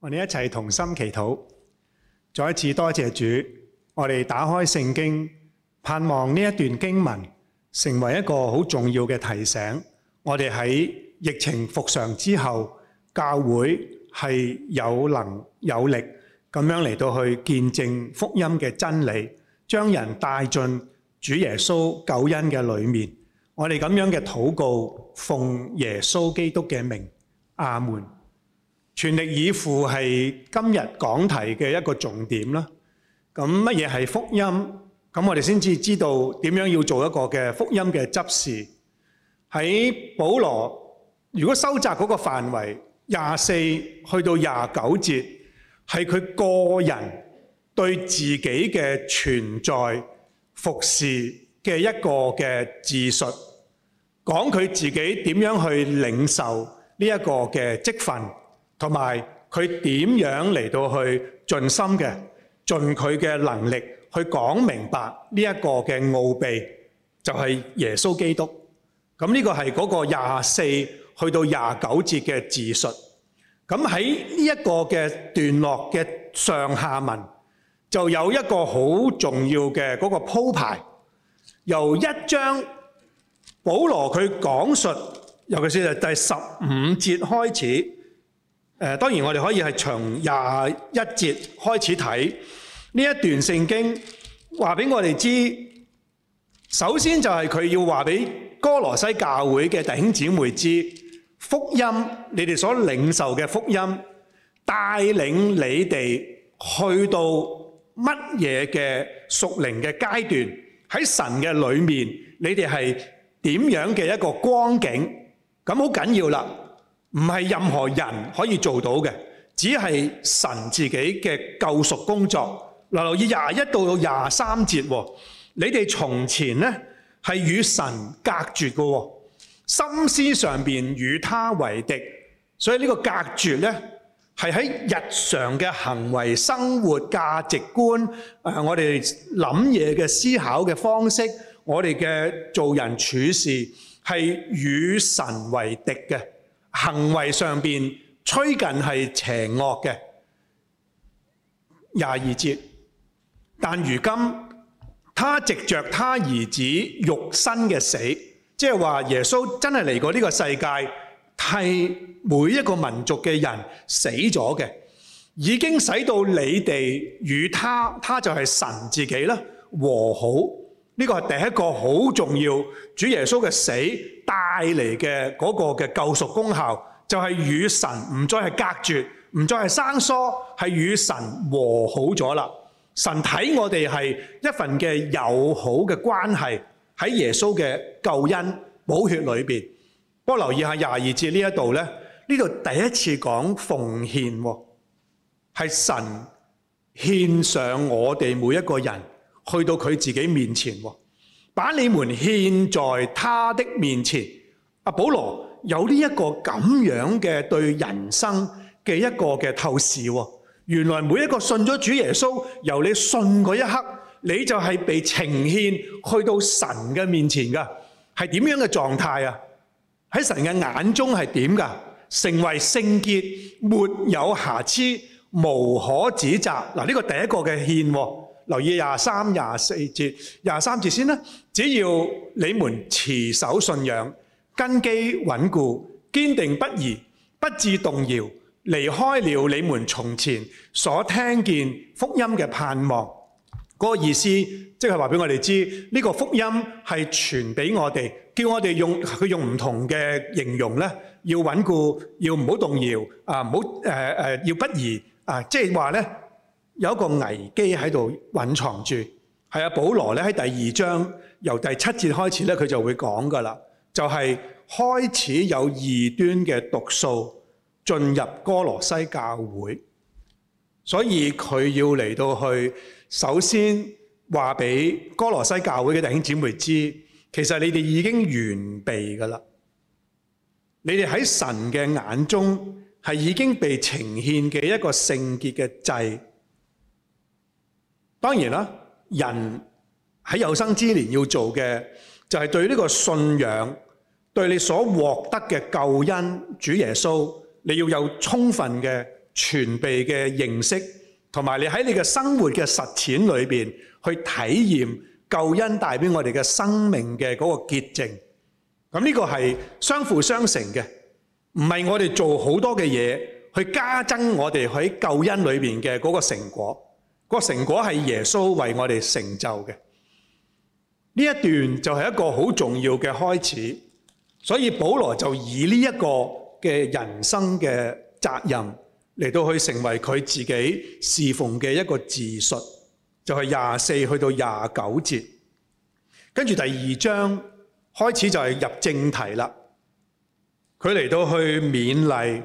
我哋一齊同心祈禱，再一次多謝主。我哋打開聖經，盼望呢一段經文成為一個好重要嘅提醒。我哋喺疫情復常之後，教會係有能有力噉樣嚟到去見證福音嘅真理，將人帶進主耶穌救恩嘅裏面。我哋噉樣嘅禱告，奉耶穌基督嘅名，阿門。全力以赴係今日講題嘅一個重點啦。咁乜嘢係福音？咁我哋先至知道點樣要做一個嘅福音嘅執事。喺保羅，如果收窄嗰個範圍廿四去到廿九節，係佢個人對自己嘅存在服侍嘅一個嘅自述，講佢自己點樣去領受呢一個嘅職分。同埋佢點樣嚟到去盡心嘅，盡佢嘅能力去講明白呢一個嘅奧秘，就係耶穌基督。咁呢個係嗰個廿四去到廿九節嘅自述。咁喺呢一個嘅段落嘅上下文，就有一個好重要嘅嗰個鋪排，由一章保羅佢講述，尤其是第十五節開始。誒當然，我哋可以係從廿一節開始睇呢一段聖經，話俾我哋知。首先就係佢要話俾哥羅西教會嘅弟兄姊妹知，福音你哋所領受嘅福音，帶領你哋去到乜嘢嘅屬靈嘅階段？喺神嘅裏面，你哋係點樣嘅一個光景？咁好緊要啦！唔係任何人可以做到嘅，只係神自己嘅救贖工作。留意廿一到廿三節，你哋從前呢係與神隔絕嘅，心思上面與他為敵。所以呢個隔絕呢係喺日常嘅行為、生活價值觀，誒，我哋諗嘢嘅思考嘅方式，我哋嘅做人處事係與神為敵嘅。行為上面趨近係邪惡嘅。廿二節，但如今他藉着他兒子肉身嘅死，即係話耶穌真係嚟過呢個世界，替每一個民族嘅人死咗嘅，已經使到你哋與他，他就係神自己啦，和好。呢個係第一個好重要，主耶穌嘅死帶嚟嘅嗰個嘅救贖功效，就係與神唔再係隔絕，唔再係生疏，係與神和好咗啦。神睇我哋係一份嘅友好嘅關係，喺耶穌嘅救恩寶血裏邊。不過留意下廿二節呢一度咧，呢度第一次講奉獻，係神獻上我哋每一個人。去到佢自己面前，把你們獻在他的面前。阿保羅有呢一個咁樣嘅對人生嘅一個嘅透視。原來每一個信咗主耶穌，由你信嗰一刻，你就係被呈現去到神嘅面前噶係點樣嘅狀態啊？喺神嘅眼中係點噶？成為聖潔，沒有瑕疵，無可指責。嗱，呢個第一個嘅獻。留意廿三、廿四節，廿三節先啦。只要你們持守信仰，根基穩固，堅定不移，不致動搖，離開了你們從前所聽見福音嘅盼望。個意思即係話俾我哋知，呢個福音係傳俾我哋，叫我哋用佢用唔同嘅形容咧，要穩固，要唔好動搖，啊唔好誒誒要不移，啊即係話咧。有一個危機喺度隱藏住，係啊，保羅呢。喺第二章由第七節開始呢，佢就會講噶啦，就係、是、開始有異端嘅毒素進入哥羅西教會，所以佢要嚟到去首先話畀哥羅西教會嘅弟兄姐妹知，其實你哋已經完備㗎喇，你哋喺神嘅眼中係已經被呈獻嘅一個聖潔嘅祭。當然啦，人喺有生之年要做嘅，就係、是、對呢個信仰，對你所獲得嘅救恩，主耶穌，你要有充分嘅全備嘅認識，同埋你喺你嘅生活嘅實踐裏面去體驗救恩帶俾我哋嘅生命嘅嗰個結晶。咁呢個係相輔相成嘅，唔係我哋做好多嘅嘢去加增我哋喺救恩裏面嘅嗰個成果。個成果係耶穌為我哋成就嘅，呢一段就係一個好重要嘅開始，所以保羅就以呢一個嘅人生嘅責任嚟到去成為佢自己侍奉嘅一個自述，就係廿四去到廿九節，跟住第二章開始就係入正題啦，佢嚟到去勉勵、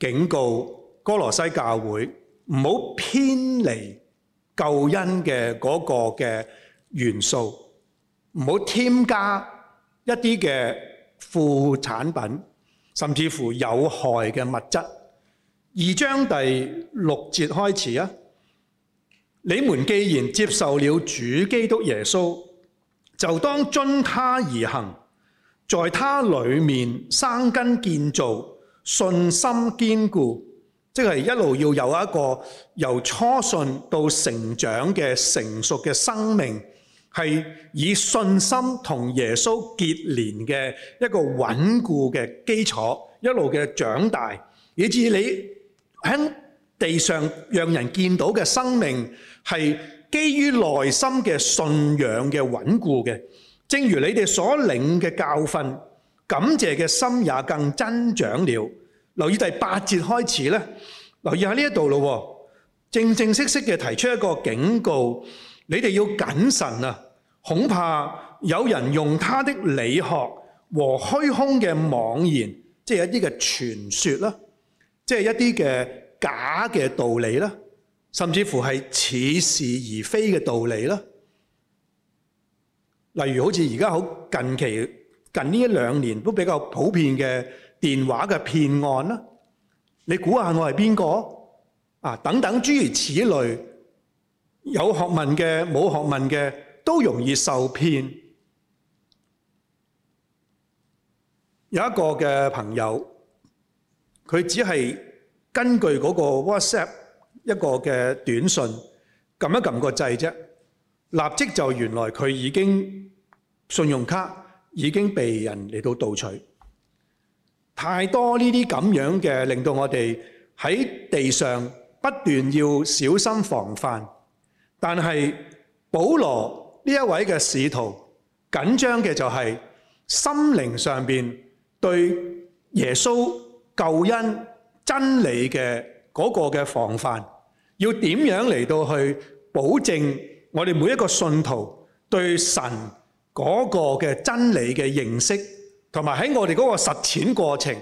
警告歌羅西教會。唔好偏離救恩嘅嗰個嘅元素，唔好添加一啲嘅副產品，甚至乎有害嘅物質。二章第六節開始啊，你們既然接受了主基督耶穌，就當遵他而行，在他裏面生根建造，信心堅固。即係一路要有一個由初信到成長嘅成熟嘅生命，係以信心同耶穌結連嘅一個穩固嘅基礎，一路嘅長大，以至你喺地上讓人見到嘅生命係基於內心嘅信仰嘅穩固嘅。正如你哋所領嘅教訓，感謝嘅心也更增長了。留意第八節開始咧，留意下呢一度咯，正正式式嘅提出一個警告，你哋要謹慎啊！恐怕有人用他的理學和虛空嘅妄言，即係一啲嘅傳說啦，即係一啲嘅假嘅道理啦，甚至乎係似是而非嘅道理啦。例如好似而家好近期近呢一兩年都比較普遍嘅。電話嘅騙案，你估下我係邊個啊？等等諸如此類，有學問嘅冇學問嘅都容易受騙。有一個嘅朋友，佢只係根據嗰個 WhatsApp 一個嘅短信撳一撳個掣啫，立即就原來佢已經信用卡已經被人嚟到盜取。太多呢啲咁樣嘅，令到我哋喺地上不斷要小心防範。但係，保羅呢一位嘅使徒緊張嘅就係心靈上邊對耶穌救恩真理嘅嗰個嘅防範，要點樣嚟到去保證我哋每一個信徒對神嗰個嘅真理嘅認識？同埋喺我哋嗰個實踐過程，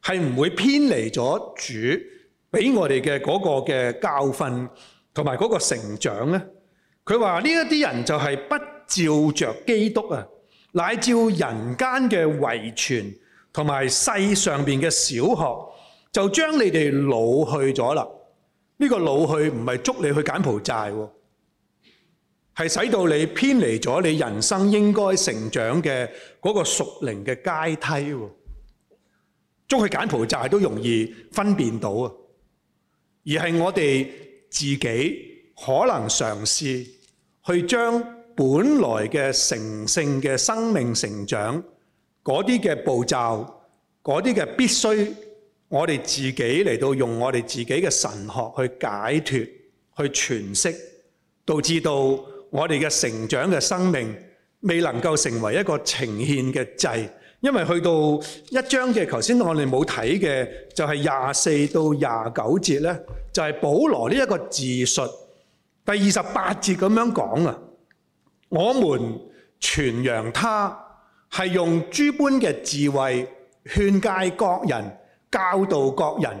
係唔會偏離咗主俾我哋嘅嗰個嘅教訓，同埋嗰個成長咧。佢話呢一啲人就係不照著基督啊，乃照人間嘅遺傳同埋世上邊嘅小學，就將你哋老去咗啦。呢、這個老去唔係捉你去柬埔寨喎。係使到你偏離咗你人生應該成長嘅嗰個屬靈嘅階梯，捉使揀菩集都容易分辨到啊！而係我哋自己可能嘗試去將本來嘅成聖嘅生命成長嗰啲嘅步驟，嗰啲嘅必須，我哋自己嚟到用我哋自己嘅神學去解脱、去詮釋，導致到。我哋嘅成長嘅生命未能夠成為一個呈獻嘅祭，因為去到一章嘅頭先我哋冇睇嘅就係廿四到廿九節，就係保羅呢一個自述。第二十八節噉樣講啊，我哋傳揚祂係用諸般嘅智慧，勸戒各人，教導各人，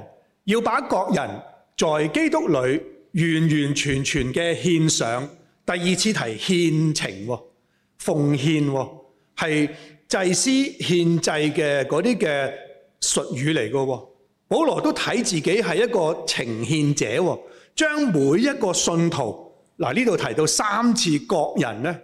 要把各人在基督裏完完全全嘅獻上第二次提獻情喎，奉獻喎，係祭司獻祭嘅嗰啲嘅術語嚟嘅喎。保羅都睇自己係一個呈獻者喎，將每一個信徒嗱呢度提到三次各人咧，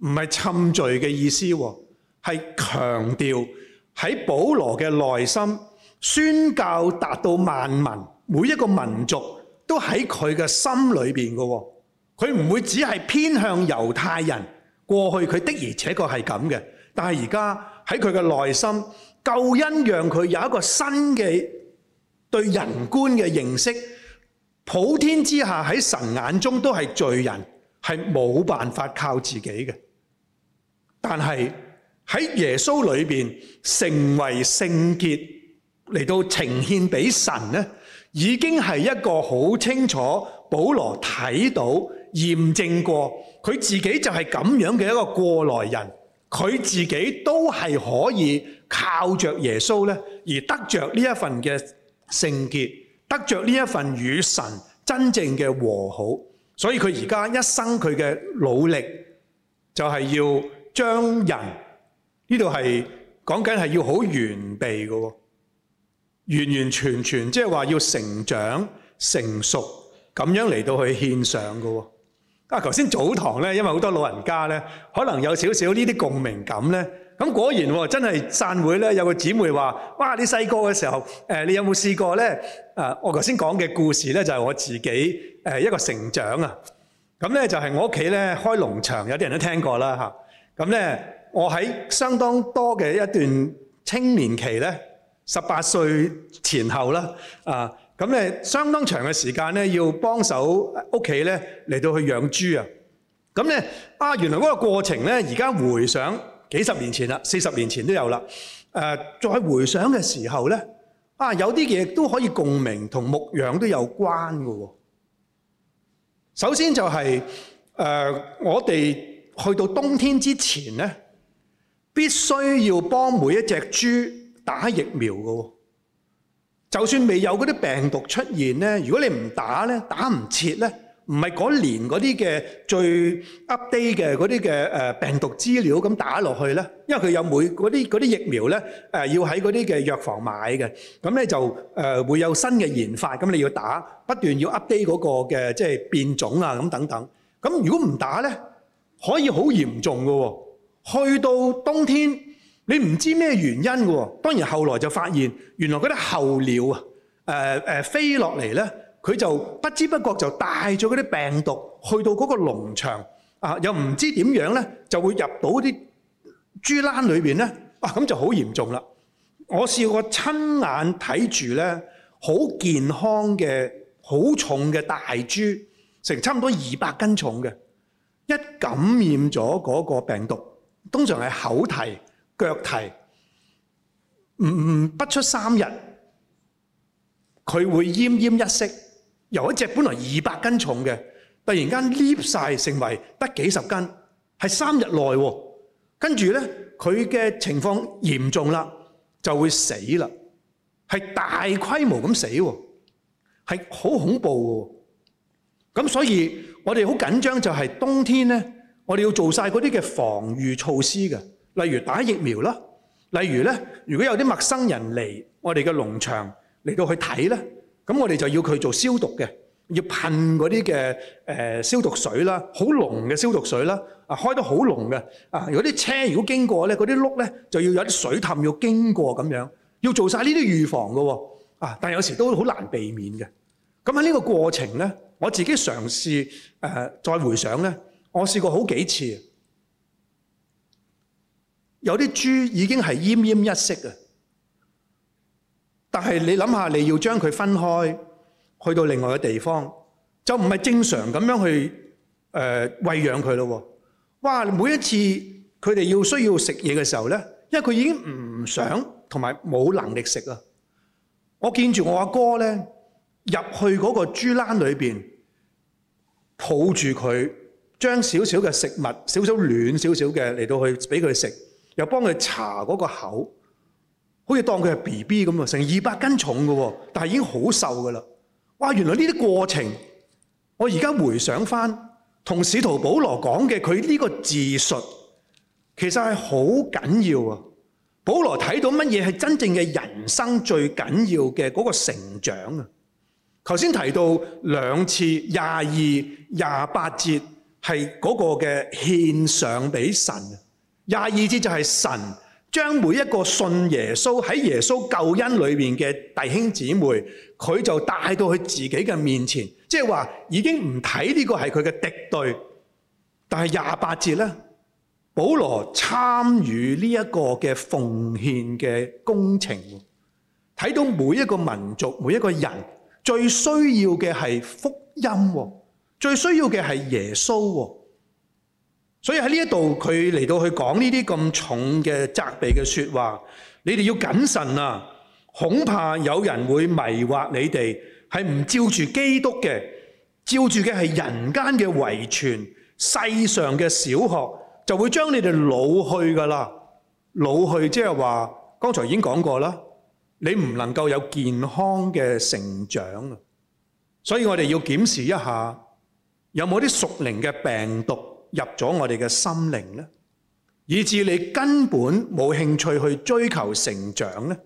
唔係侵罪嘅意思喎，係強調喺保羅嘅內心宣教達到萬民，每一個民族都喺佢嘅心裏面嘅喎。佢唔會只係偏向猶太人過去，佢的而且確係咁嘅。但係而家喺佢嘅內心，救恩讓佢有一個新嘅對人觀嘅認識。普天之下喺神眼中都係罪人，係冇辦法靠自己嘅。但係喺耶穌裏面，成為聖潔嚟到呈現俾神呢，已經係一個好清楚，保羅睇到。驗證過佢自己就係咁樣嘅一個過來人，佢自己都係可以靠着耶穌咧，而得著呢一份嘅聖潔，得著呢一份與神真正嘅和好。所以佢而家一生佢嘅努力，就係要將人呢度係講緊係要好完備嘅，完完全全即係話要成長成熟咁樣嚟到去獻上嘅。啊！頭先早堂咧，因為好多老人家咧，可能有少少呢啲共鳴感咧。咁果然喎，真係散會咧，有個姊妹話：哇！你細個嘅時候，誒，你有冇試過咧？啊！我頭先講嘅故事咧，就係我自己誒一個成長啊。咁咧就係我屋企咧開農場，有啲人都聽過啦嚇。咁咧，我喺相當多嘅一段青年期咧，十八歲前後啦，啊。咁咧，相當長嘅時間咧，要幫手屋企咧嚟到去養豬啊！咁咧啊，原來嗰個過程咧，而家回想幾十年前啦，四十年前都有啦。誒，再回想嘅時候咧，啊，有啲嘢都可以共鳴，同牧養都有關㗎喎。首先就係、是、誒，我哋去到冬天之前咧，必須要幫每一隻豬打疫苗㗎喎。就算未有嗰啲病毒出現咧，如果你唔打咧，打唔切咧，唔係嗰年嗰啲嘅最 update 嘅嗰啲嘅誒病毒資料咁打落去咧，因為佢有每嗰啲嗰啲疫苗咧誒要喺嗰啲嘅藥房買嘅，咁咧就誒會有新嘅研發，咁你要打不斷要 update 嗰個嘅即係變種啊咁等等。咁如果唔打咧，可以好嚴重㗎喎，去到冬天。你唔知咩原因嘅喎？當然後來就發現，原來嗰啲候鳥啊，誒誒飛落嚟咧，佢就不知不覺就帶咗嗰啲病毒去到嗰個農場啊，又唔知點樣咧，就會入到啲豬欄裏邊咧，哇、啊！咁就好嚴重啦。我試過親眼睇住咧，好健康嘅、好重嘅大豬，成差唔多二百斤重嘅，一感染咗嗰個病毒，通常係口蹄。腳蹄，不出三日，佢會奄奄一息。由一隻本來二百斤重嘅，突然間捏晒成為得幾十斤，係三日內。跟住咧，佢嘅情況嚴重啦，就會死啦，係大規模咁死，係好恐怖的。咁所以我們很，我哋好緊張，就係冬天咧，我哋要做晒嗰啲嘅防禦措施嘅。例如打疫苗啦，例如咧，如果有啲陌生人嚟我哋嘅農場嚟到去睇咧，咁我哋就要佢做消毒嘅，要噴嗰啲嘅誒消毒水啦，好濃嘅消毒水啦，啊開得好濃嘅，啊如果啲車如果經過咧，嗰啲碌咧就要有啲水氹要經過咁樣，要做晒呢啲預防嘅喎，啊但係有時都好難避免嘅。咁喺呢個過程咧，我自己嘗試、誒、再回想咧，我試過好幾次。有啲豬已經係奄奄一息啊！但係你諗下，你要將佢分開去到另外嘅地方，就唔係正常咁樣去呃，餵養佢咯。哇！每一次佢哋要需要食嘢嘅時候呢，因為佢已經唔想同埋冇能力食啊！我見住我阿哥呢入去嗰個豬欄裏面，抱住佢，將少少嘅食物、少少暖一的、少少嘅嚟到去俾佢食。又幫佢查嗰個口，好似當佢係 BB 咁啊，成二百斤重噶，但係已經好瘦噶啦。哇！原來呢啲過程，我而家回想返，同使徒保羅講嘅佢呢個自述，其實係好緊要啊。保羅睇到乜嘢係真正嘅人生最緊要嘅嗰個成長啊？頭先提到兩次廿二廿八節係嗰個嘅獻上俾神。廿二節就係神將每一個信耶穌喺耶穌救恩裏面嘅弟兄姊妹，佢就帶到去自己嘅面前，即係話已經唔睇呢個係佢嘅敵對。但係廿八節咧，保羅參與呢一個嘅奉獻嘅工程，睇到每一個民族每一個人最需要嘅係福音，最需要嘅係耶穌。所以喺呢一度，佢嚟到去講呢啲咁重嘅責備嘅說話，你哋要謹慎啊！恐怕有人會迷惑你哋，係唔照住基督嘅，照住嘅係人間嘅遺傳，世上嘅小學就會將你哋老去噶啦。老去即係話剛才已經講過啦，你唔能夠有健康嘅成長啊！所以我哋要檢視一下，有冇啲屬靈嘅病毒。入咗我哋嘅心靈咧，以致你根本冇興趣去追求成長咧，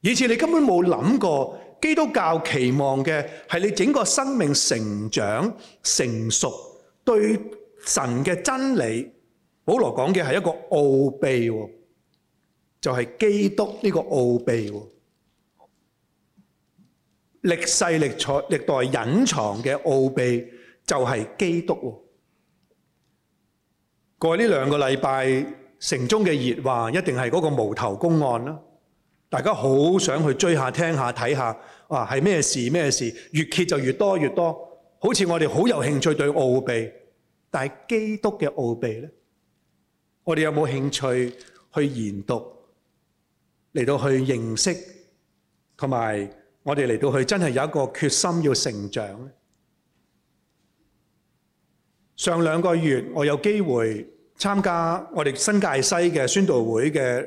以致你根本冇諗過基督教期望嘅係你整個生命成長成熟對神嘅真理。保羅講嘅係一個奧秘，就係基督呢個奧秘，歷世歷代歷代隱藏嘅奧秘就係基督。過呢兩個禮拜，城中嘅熱話一定係嗰個無頭公案啦。大家好想去追下、聽下、睇下，哇、啊，係咩事？咩事？越揭就越多，越多。好似我哋好有興趣對奧秘，但係基督嘅奧秘呢？我哋有冇興趣去研讀，嚟到去認識，同埋我哋嚟到去真係有一個決心要成長呢？上兩個月，我有機會參加我哋新界西嘅宣道會嘅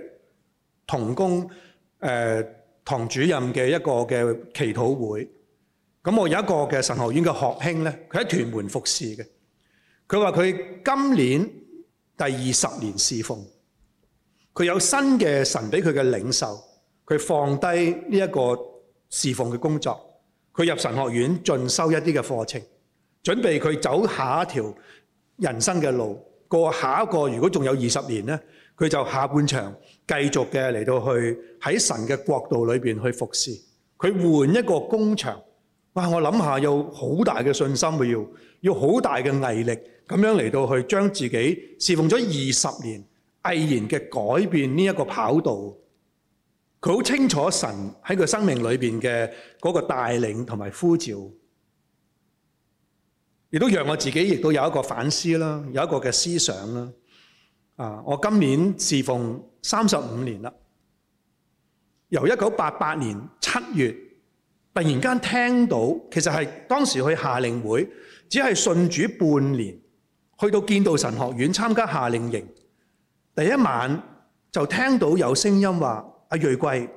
同工、呃、堂主任嘅一個嘅祈禱會。咁我有一個嘅神學院嘅學兄呢，佢喺屯門服侍嘅。佢話佢今年第二十年侍奉，佢有新嘅神俾佢嘅領受，佢放低呢一個侍奉嘅工作，佢入神學院進修一啲嘅課程。準備佢走下一條人生嘅路，過下一個如果仲有二十年呢，佢就下半場繼續嘅嚟到去，喺神嘅國度裏面去服侍。佢換一個工場。哇，我諗下有好大嘅信心喂，要好大嘅毅力，咁樣嚟到去將自己侍奉咗二十年，毅然嘅改變呢一個跑道。佢好清楚神喺佢生命裏面嘅嗰個帶領同埋呼召。亦都讓我自己亦都有一個反思啦，有一個嘅思想啦。啊，我今年侍奉三十五年啦，由一九八八年七月突然間聽到，其實係當時去夏令會，只係信主半年，去到建道神學院參加夏令營，第一晚就聽到有聲音話：阿裔貴，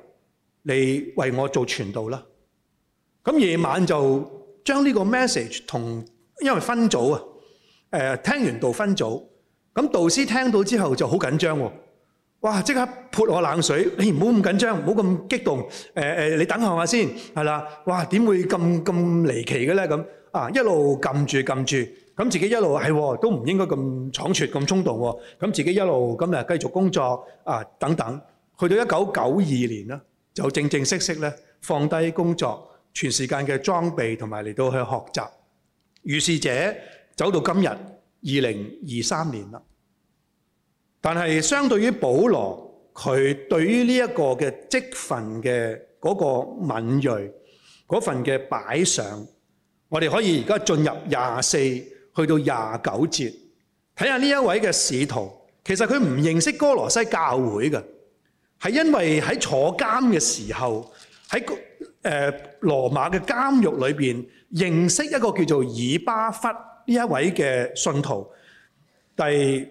你為我做傳道啦。咁夜晚就將呢個 message 同。因為分組啊，誒聽完道分組，咁導師聽到之後就好緊張喎，哇！即刻潑我冷水，你唔好咁緊張，唔好咁激動，誒誒，你等下嘛先，係啦，哇！點會咁咁離奇嘅咧？咁啊，一路撳住撳住，咁自己一路係都唔應該咁倉促咁衝動喎，咁自己一路咁啊繼續工作啊等等，去到一九九二年啦，就正正式式咧放低工作，全時間嘅裝備同埋嚟到去學習。.於是者走到今日二零二三年啦，但係相對於保羅，佢對於呢一個嘅職份嘅嗰個敏鋭嗰份嘅擺上，我哋可以而家進入廿四去到廿九節，睇下呢一位嘅使徒，其實佢唔認識哥羅西教會嘅，係因為喺坐監嘅時候喺。誒羅馬嘅監獄裏邊認識一個叫做以巴弗呢一位嘅信徒。第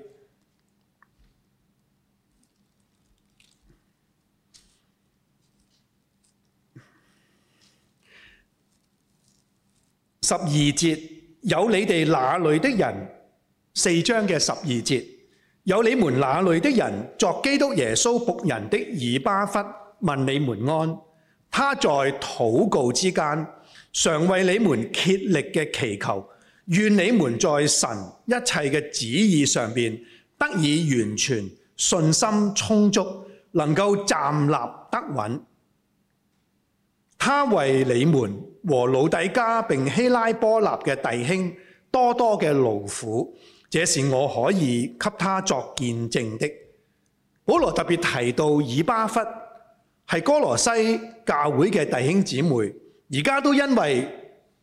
十二節有你哋那裏的人，四章嘅十二節有你們那裏的人作基督耶穌僕人的以巴弗問你們安。他在禱告之間，常為你們竭力嘅祈求，願你們在神一切嘅旨意上面得以完全，信心充足，能夠站立得穩。他為你們和老底嘉並希拉波納嘅弟兄多多嘅勞苦，這是我可以給他作見證的。保羅特別提到以巴弗。係歌羅西教會嘅弟兄姊妹，而家都因為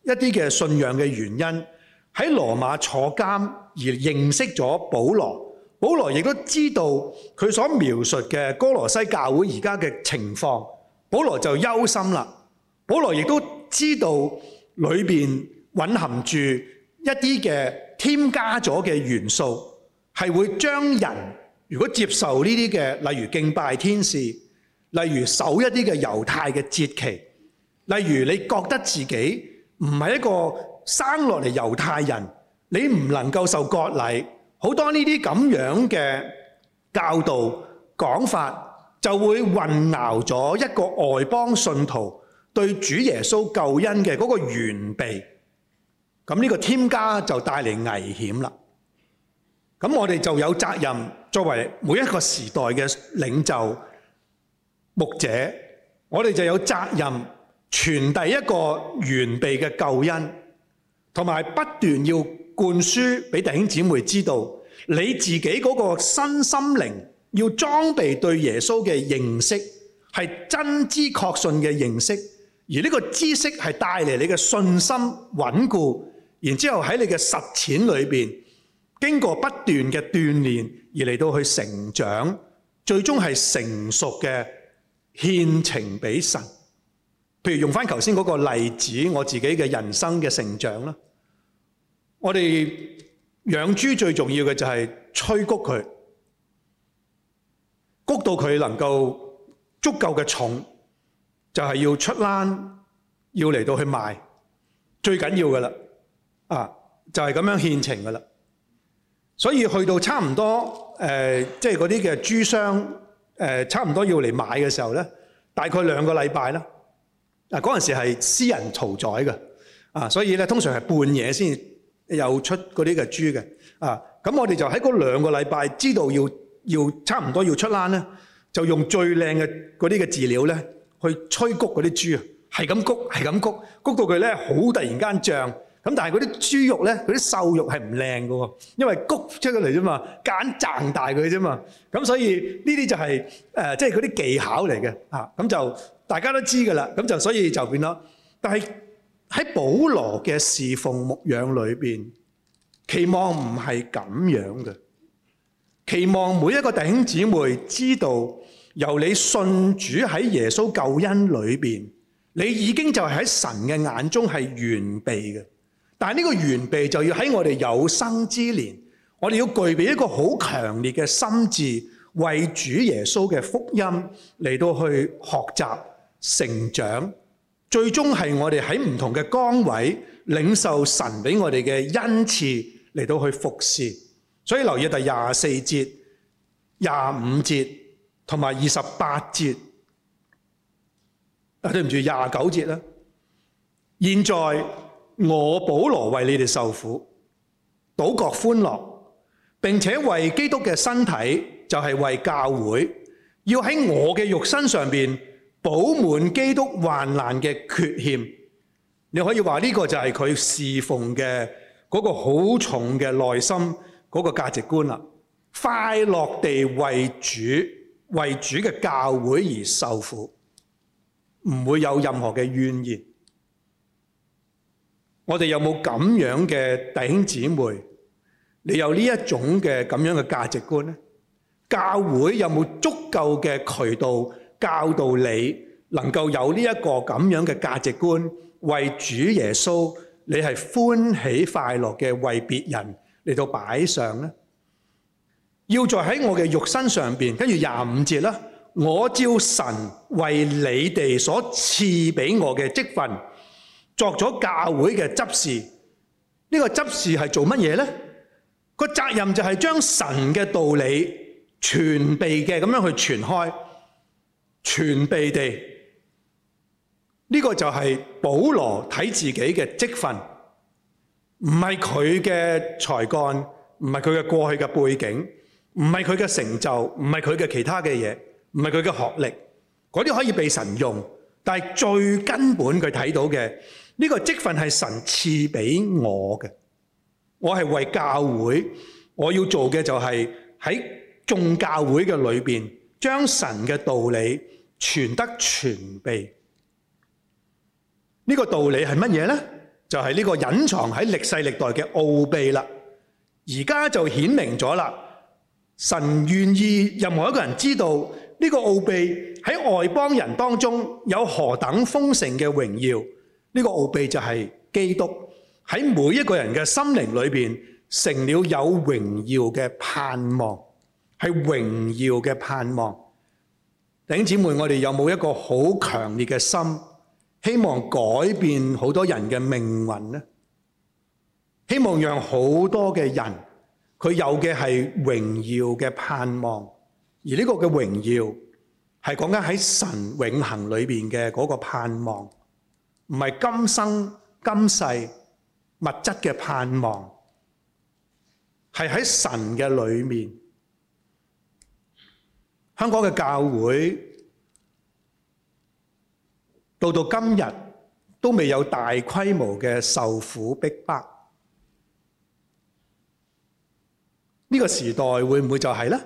一啲嘅信仰嘅原因，喺羅馬坐監而認識咗保羅。保羅亦都知道佢所描述嘅歌羅西教會而家嘅情況，保羅就憂心啦。保羅亦都知道裏面隱含住一啲嘅添加咗嘅元素，係會將人如果接受呢啲嘅，例如敬拜天使。例如守一啲嘅猶太嘅節期，例如你覺得自己唔係一個生落嚟猶太人，你唔能夠受割禮，好多呢啲咁樣嘅教導講法，就會混淆咗一個外邦信徒對主耶穌救恩嘅嗰個完備。咁呢個添加就帶嚟危險啦。咁我哋就有責任作為每一個時代嘅領袖，牧者，我哋就有責任傳遞一個完備嘅救恩，同埋不斷要灌輸俾弟兄姊妹知道，你自己嗰個身心靈要裝備對耶穌嘅認識，係真知確信嘅認識，而呢個知識係帶嚟你嘅信心穩固，然之後喺你嘅實踐裏邊，經過不斷嘅鍛煉而嚟到去成長，最終係成熟嘅。獻情俾神，譬如用翻頭先嗰個例子，我自己嘅人生嘅成長啦。我哋養豬最重要嘅就係催谷佢，谷到佢能夠足夠嘅重，就係要出欄，要嚟到去賣。最緊要噶啦，啊就係咁樣獻情噶啦。所以去到差唔多誒，即係嗰啲嘅豬商。誒差唔多要嚟買嘅時候咧，大概兩個禮拜啦。嗱嗰陣時係私人屠宰嘅，啊，所以咧通常係半夜先有出嗰啲嘅豬嘅。啊，咁我哋就喺嗰兩個禮拜知道要要差唔多要出欄咧，就用最靚嘅嗰啲嘅飼料咧去催谷嗰啲豬啊，係咁谷係咁谷，谷到佢咧好突然間漲。咁但係嗰啲豬肉咧，嗰啲瘦肉係唔靚㗎喎，因為谷出咗嚟啫嘛，揀掙大佢啫嘛，咁所以呢啲就係誒，即係嗰啲技巧嚟嘅嚇，咁就大家都知㗎啦，咁就所以就變咗。但係喺保羅嘅侍奉牧養裏邊，期望唔係咁樣嘅，期望每一個弟兄姊妹知道，由你信主喺耶穌救恩裏邊，你已經就係喺神嘅眼中係完備嘅。但這呢個原備就要喺我哋有生之年，我哋要具備一個好強烈嘅心智，為主耶穌嘅福音嚟到去學習成長，最終係我哋喺唔同嘅崗位領受神畀我哋嘅恩賜嚟到去服侍。所以留意第廿四節、廿五節同埋二十八節，啊對唔住廿九節啦。現在。我保羅為你哋受苦，倒覺歡樂，並且為基督嘅身體就係為教會，要喺我嘅肉身上面，補滿基督患難嘅缺陷。你可以話呢個就係佢侍奉嘅嗰個好重嘅內心嗰個價值觀啦。快樂地為主為主嘅教會而受苦，唔會有任何嘅怨言。我哋有冇咁樣嘅弟兄姊妹？你有呢一種嘅咁樣嘅價值觀咧？教會有冇足夠嘅渠道教導你，能夠有呢一個咁樣嘅價值觀，為主耶穌，你係歡喜快樂嘅為別人嚟到擺上咧？要再喺我嘅肉身上面，跟住廿五節啦，我照神為你哋所賜俾我嘅職分。作咗教會嘅執事，呢、這個執事係做乜嘢呢？個責任就係將神嘅道理全備嘅，咁樣去傳開，全備地。呢、這個就係保羅睇自己嘅職份，唔係佢嘅才幹，唔係佢嘅過去嘅背景，唔係佢嘅成就，唔係佢嘅其他嘅嘢，唔係佢嘅學歷。嗰啲可以被神用，但係最根本佢睇到嘅。呢個職份係神賜俾我嘅，我係為教會，我要做嘅就係喺眾教會嘅裏面，將神嘅道理傳得全備。呢個道理係乜嘢呢？就係呢個隱藏喺歷世歷代嘅奧秘啦。而家就顯明咗啦，神願意任何一個人知道呢個奧秘喺外邦人當中有何等豐盛嘅榮耀。呢個奧秘就係基督喺每一個人嘅心靈裏邊成了有榮耀嘅盼望，係榮耀嘅盼望。弟兄姊妹，我哋有冇一個好強烈嘅心，希望改變好多人嘅命運呢？希望讓好多嘅人佢有嘅係榮耀嘅盼望，而呢個嘅榮耀係講緊喺神永恆裏邊嘅嗰個盼望。唔係今生今世物質嘅盼望，係喺神嘅裏面。香港嘅教會到到今日都未有大規模嘅受苦逼迫，呢、這個時代會唔會就係呢？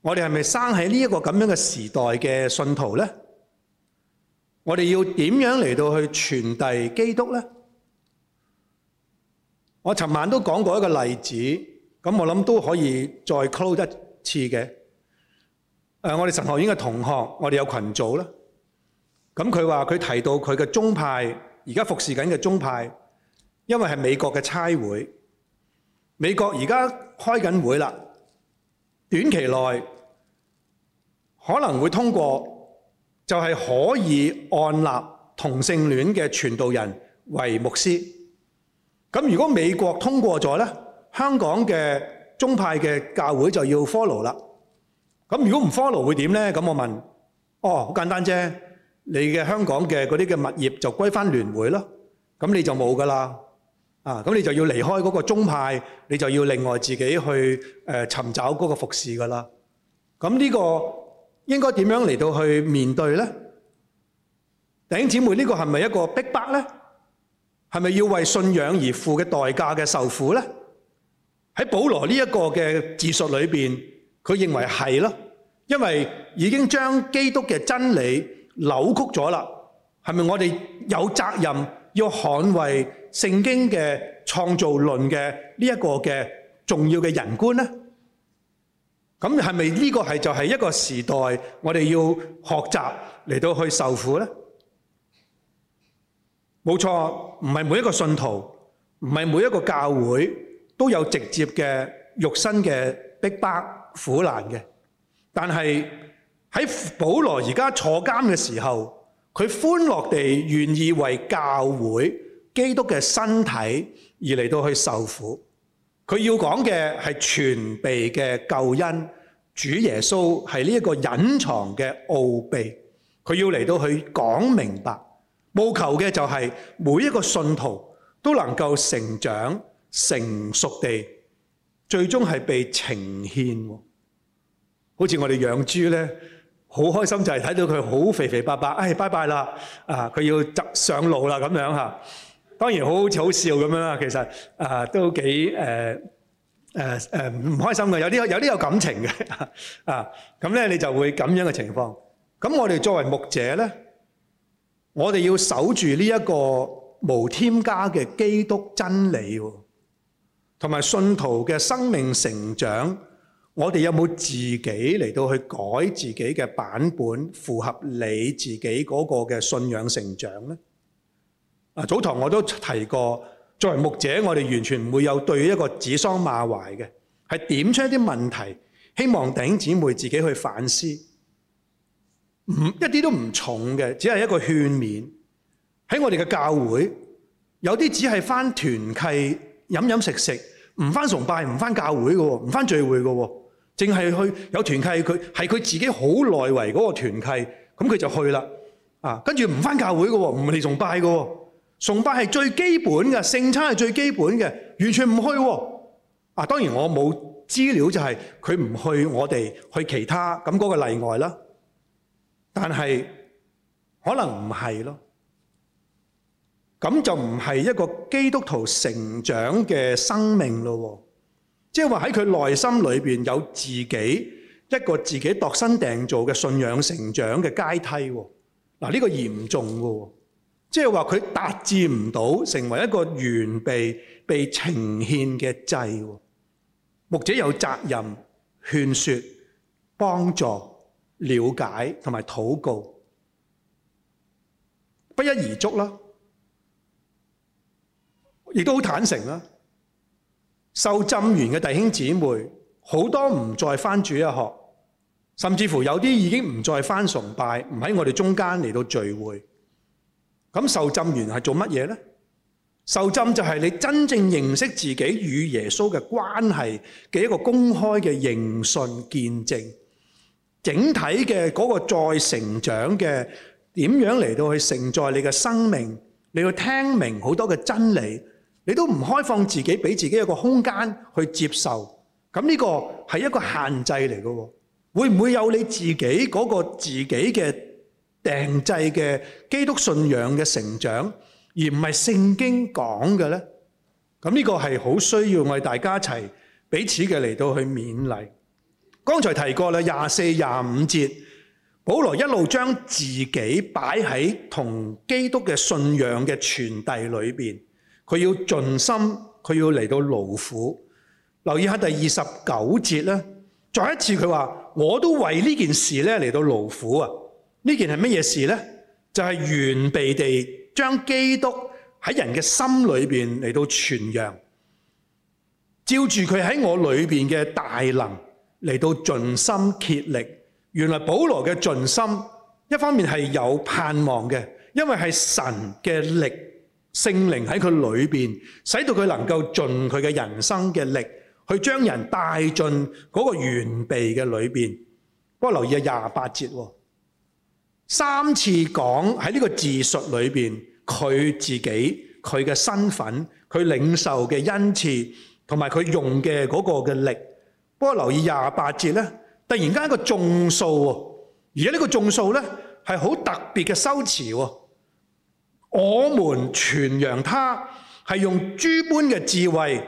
我哋係唔咪係生喺呢一個咁樣嘅時代嘅信徒呢？我哋要點樣嚟到去傳遞基督呢？我尋晚都講過一個例子，咁我諗都可以再 close 一次嘅。我哋神學院嘅同學，我哋有群組啦。咁佢話佢提到佢嘅宗派，而家服侍緊嘅宗派，因為係美國嘅差會。美國而家開緊會啦，短期內可能會通過。就係、是、可以按立同性戀嘅傳道人為牧師。咁如果美國通過咗呢，香港嘅宗派嘅教會就要 follow 啦。咁如果唔 follow 會點呢？咁我問，哦，好簡單啫。你嘅香港嘅嗰啲嘅物業就歸翻聯會咯。咁你就冇噶啦。啊，咁你就要離開嗰個宗派，你就要另外自己去誒尋找嗰個服侍噶啦。咁呢、這個。應該點樣嚟到去面對呢？弟兄姊妹，呢個係咪一個逼迫呢？係咪要為信仰而付嘅代價嘅受苦呢？喺保羅呢一個嘅自述裏面，佢認為係咯，因為已經將基督嘅真理扭曲咗啦。係咪我哋有責任要捍衛聖經嘅創造論嘅呢一個嘅重要嘅人觀呢？咁係咪呢個係就係一個時代，我哋要學習嚟到去受苦呢？冇錯，唔係每一個信徒，唔係每一個教會都有直接嘅肉身嘅逼迫、迫苦難嘅。但係喺保羅而家坐監嘅時候，佢歡樂地願意為教會、基督嘅身體而嚟到去受苦。佢要講嘅係全備嘅救恩，主耶穌係呢一個隱藏嘅奧秘。佢要嚟到去講明白，務求嘅就係每一個信徒都能夠成長成熟地，最終係被呈獻。好似我哋養豬咧，好開心就係睇到佢好肥肥白白，哎，拜拜啦，啊，佢要執上路啦咁樣嚇。當然好好似好笑咁樣啦，其實啊都幾誒誒誒唔開心嘅，有啲有啲有感情嘅啊咁咧，你就會咁樣嘅情況。咁我哋作為牧者咧，我哋要守住呢一個無添加嘅基督真理，同埋信徒嘅生命成長。我哋有冇自己嚟到去改自己嘅版本，符合你自己嗰個嘅信仰成長咧？啊！早堂我都提過，作為牧者，我哋完全唔會有對一個指桑罵槐嘅，係點出一啲問題，希望弟兄姊妹自己去反思。唔一啲都唔重嘅，只係一個勸勉。喺我哋嘅教會，有啲只係返團契飲飲食食，唔返崇拜，唔返教會嘅喎，唔返聚會嘅喎，淨係去有團契佢係佢自己好內圍嗰個團契，咁佢就去啦。啊，跟住唔返教會嘅喎，唔嚟崇拜嘅喎。崇拜係最基本嘅，聖餐係最基本嘅，完全唔去喎、啊。嗱、啊，當然我冇資料就是他不，就係佢唔去我哋去其他咁嗰個例外啦。但係可能唔係咯。咁就唔係一個基督徒成長嘅生命咯、啊。即係話喺佢內心裏邊有自己一個自己度身訂造嘅信仰成長嘅階梯、啊。嗱、啊，呢、這個嚴重嘅、啊。即係話佢達至唔到成為一個完備、被呈現嘅祭，或者有責任勸說、幫助、了解同埋禱告，不一而足啦。亦都好坦誠啦。受浸完嘅弟兄姊妹好多唔再返主日學，甚至乎有啲已經唔再返崇拜，唔喺我哋中間嚟到聚會。咁受浸完係做乜嘢呢？受浸就係你真正認識自己與耶穌嘅關係嘅一個公開嘅認信見證，整體嘅嗰個再成長嘅點樣嚟到去承載你嘅生命，你要聽明好多嘅真理，你都唔開放自己俾自己一個空間去接受，咁呢個係一個限制嚟嘅，會唔會有你自己嗰個自己嘅？定制嘅基督信仰嘅成長，而唔係聖經講嘅呢？咁、這、呢個係好需要我哋大家一齊彼此嘅嚟到去勉勵。剛才提過啦，廿四廿五節，保羅一路將自己擺喺同基督嘅信仰嘅傳遞裏邊，佢要盡心，佢要嚟到勞苦。留意下第二十九節啦，再一次佢話：我都為呢件事咧嚟到勞苦啊！呢件係乜嘢事咧？就係完備地將基督喺人嘅心裏邊嚟到傳揚，照住佢喺我裏邊嘅大能嚟到盡心竭力。原來保羅嘅盡心，一方面係有盼望嘅，因為係神嘅力、聖靈喺佢裏邊，使到佢能夠盡佢嘅人生嘅力去將人帶進嗰個完備嘅裏邊。不過留意啊，廿八節。三次講喺呢個自述裏面，佢自己佢嘅身份，佢領受嘅恩賜，同埋佢用嘅嗰個嘅力。不過留意廿八節咧，突然間一個眾數，而家呢個眾數咧係好特別嘅修辭喎。我們傳揚他，係用諸般嘅智慧，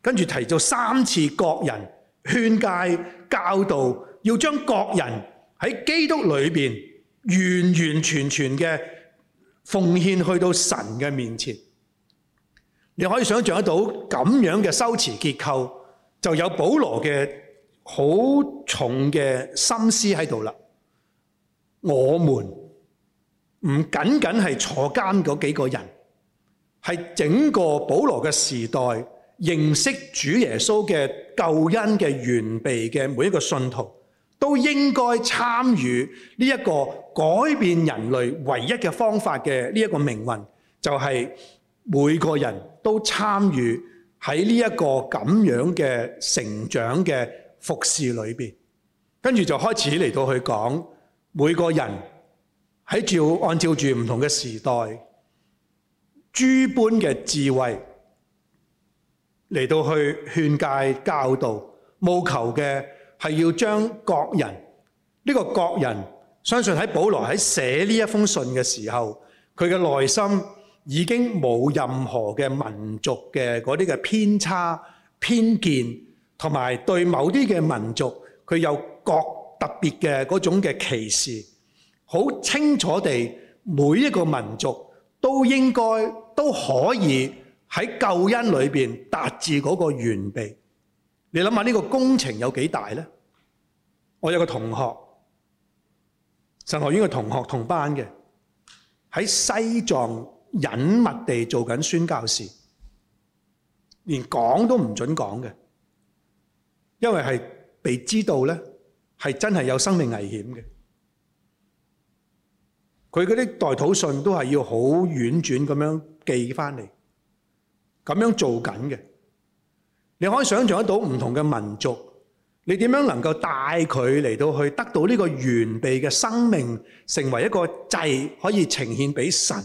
跟住提咗三次各人勸戒教導，要將各人喺基督裏面完完全全嘅奉獻去到神嘅面前，你可以想象得到咁樣嘅修辭結構，就有保羅嘅好重嘅心思喺度啦。我們唔僅僅係坐監嗰幾個人，係整個保羅嘅時代認識主耶穌嘅救恩嘅完備嘅每一個信徒都應該參與呢、這、一個。改變人類唯一嘅方法嘅呢一個命運，就係每個人都參與喺呢一個咁樣嘅成長嘅服侍裏邊，跟住就開始嚟到去講每個人喺住按照住唔同嘅時代，諸般嘅智慧嚟到去勸誡教導，務求嘅係要將各人呢個各人，這個各人相信喺保羅喺寫呢一封信嘅時候，佢嘅內心已經冇任何嘅民族嘅嗰啲嘅偏差、偏見，同埋對某啲嘅民族，佢有各特別嘅嗰種嘅歧視。好清楚地，每一個民族都應該都可以喺救恩裏面達至嗰個完備。你諗下呢個工程有幾大呢？我有個同學。神學院嘅同學同班嘅，喺西藏隱密地做緊宣教士，連講都唔準講嘅，因為係被知道呢，係真係有生命危險嘅。佢嗰啲代禱信都係要好婉轉咁樣寄返嚟，咁樣做緊嘅。你可以想像得到唔同嘅民族。你點樣能夠帶佢嚟到去得到呢個完備嘅生命，成為一個祭可以呈獻俾神？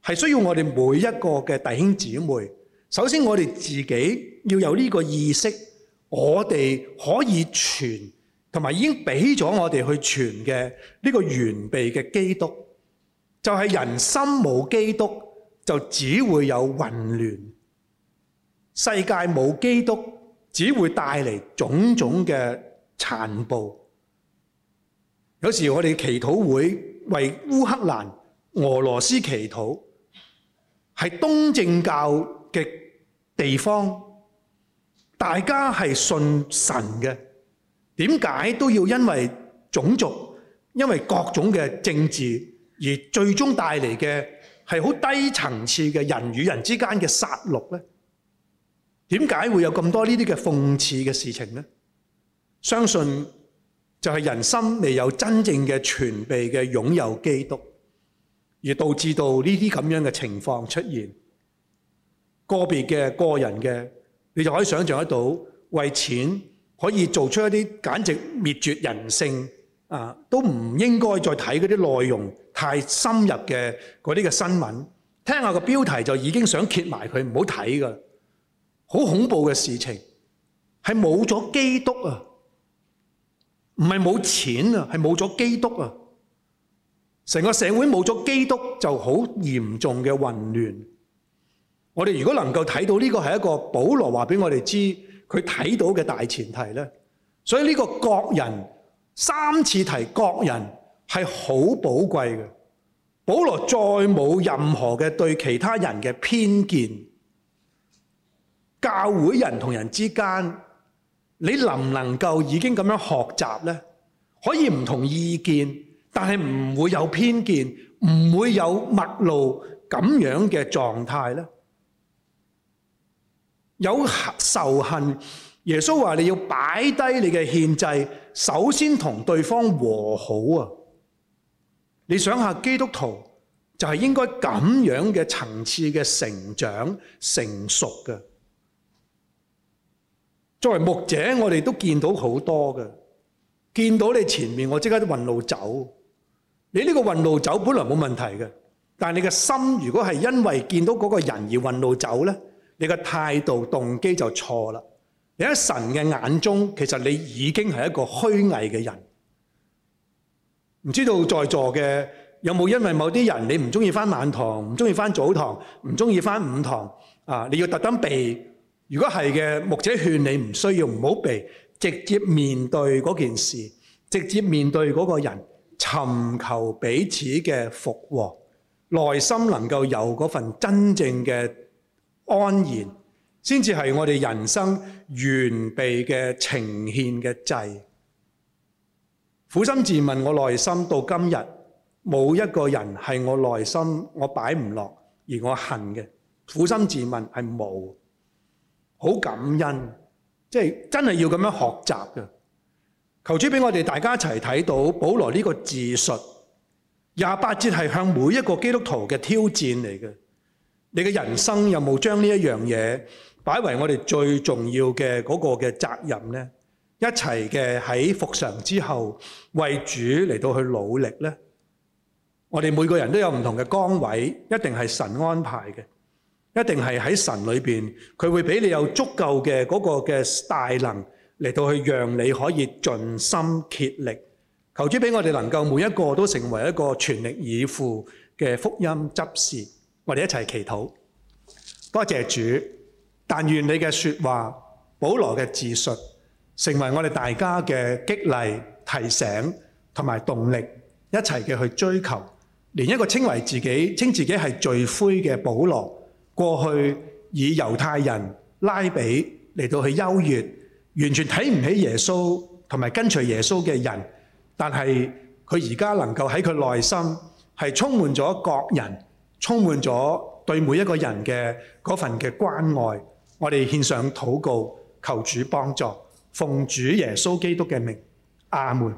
係需要我哋每一個嘅弟兄姊妹。首先，我哋自己要有呢個意識，我哋可以傳，同埋已經俾咗我哋去傳嘅呢個完備嘅基督。就係人心冇基督，就只會有混亂；世界冇基督，只會帶嚟種種嘅殘暴。有時我哋祈禱會為烏克蘭、俄羅斯祈禱，係東正教嘅地方，大家係信神嘅，點解都要因為種族、因為各種嘅政治而最終帶嚟嘅係好低層次嘅人與人之間嘅殺戮呢？點解會有咁多呢啲嘅諷刺嘅事情呢？相信就係人心未有真正嘅全備嘅擁有基督，而導致到呢啲咁樣嘅情況出現。個別嘅個人嘅，你就可以想象得到，為錢可以做出一啲簡直滅絕人性啊！都唔應該再睇嗰啲內容太深入嘅嗰啲嘅新聞，聽下個標題就已經想揭埋佢，唔好睇噶。好恐怖嘅事情，係冇咗基督啊！唔係冇錢啊，係冇咗基督啊！成個社會冇咗基督就好嚴重嘅混亂。我哋如果能夠睇到呢個係一個保羅話俾我哋知佢睇到嘅大前提呢。所以呢個國人三次提國人係好寶貴嘅。保羅再冇任何嘅對其他人嘅偏見。教會人同人之間，你能唔能夠已經咁樣學習咧？可以唔同意見，但係唔會有偏見，唔會有陌路咁樣嘅狀態咧。有仇恨，耶穌話你要擺低你嘅獻祭，首先同對方和好啊！你想下基督徒就係應該咁樣嘅層次嘅成長成熟嘅。作為牧者，我哋都見到好多嘅，見到你前面，我即刻都運路走。你呢個運路走本來冇問題嘅，但係你嘅心如果係因為見到嗰個人而運路走咧，你嘅態度動機就錯啦。你喺神嘅眼中，其實你已經係一個虛偽嘅人。唔知道在座嘅有冇因為某啲人，你唔中意翻晚堂，唔中意翻早堂，唔中意翻午堂啊？你要特登避。如果係嘅，牧者勸你唔需要，唔好避，直接面對嗰件事，直接面對嗰個人，尋求彼此嘅復和。內心能夠有嗰份真正嘅安然，先至係我哋人生完備嘅呈現嘅際。苦心自問我內心，我內心到今日冇一個人係我內心我擺唔落而我恨嘅，苦心自問係冇。好感恩，即、就、係、是、真係要咁樣學習嘅。求主俾我哋大家一齊睇到保羅呢個自述廿八節係向每一個基督徒嘅挑戰嚟嘅。你嘅人生有冇將呢一樣嘢擺為我哋最重要嘅嗰個嘅責任呢？一齊嘅喺復常之後為主嚟到去努力呢？我哋每個人都有唔同嘅崗位，一定係神安排嘅。一定係喺神裏邊，佢會俾你有足夠嘅嗰個嘅大能嚟到去讓你可以盡心竭力，求主俾我哋能夠每一個都成為一個全力以赴嘅福音執事。我哋一齊祈禱，多謝主！但願你嘅說話，保羅嘅自述，成為我哋大家嘅激勵、提醒同埋動力，一齊嘅去追求。連一個稱為自己稱自己係罪魁嘅保羅。過去以猶太人拉比嚟到去優越，完全睇唔起耶穌同埋跟隨耶穌嘅人，但係佢而家能夠喺佢內心係充滿咗各人，充滿咗對每一個人嘅嗰份嘅關愛，我哋獻上禱告，求主幫助，奉主耶穌基督嘅名，阿門。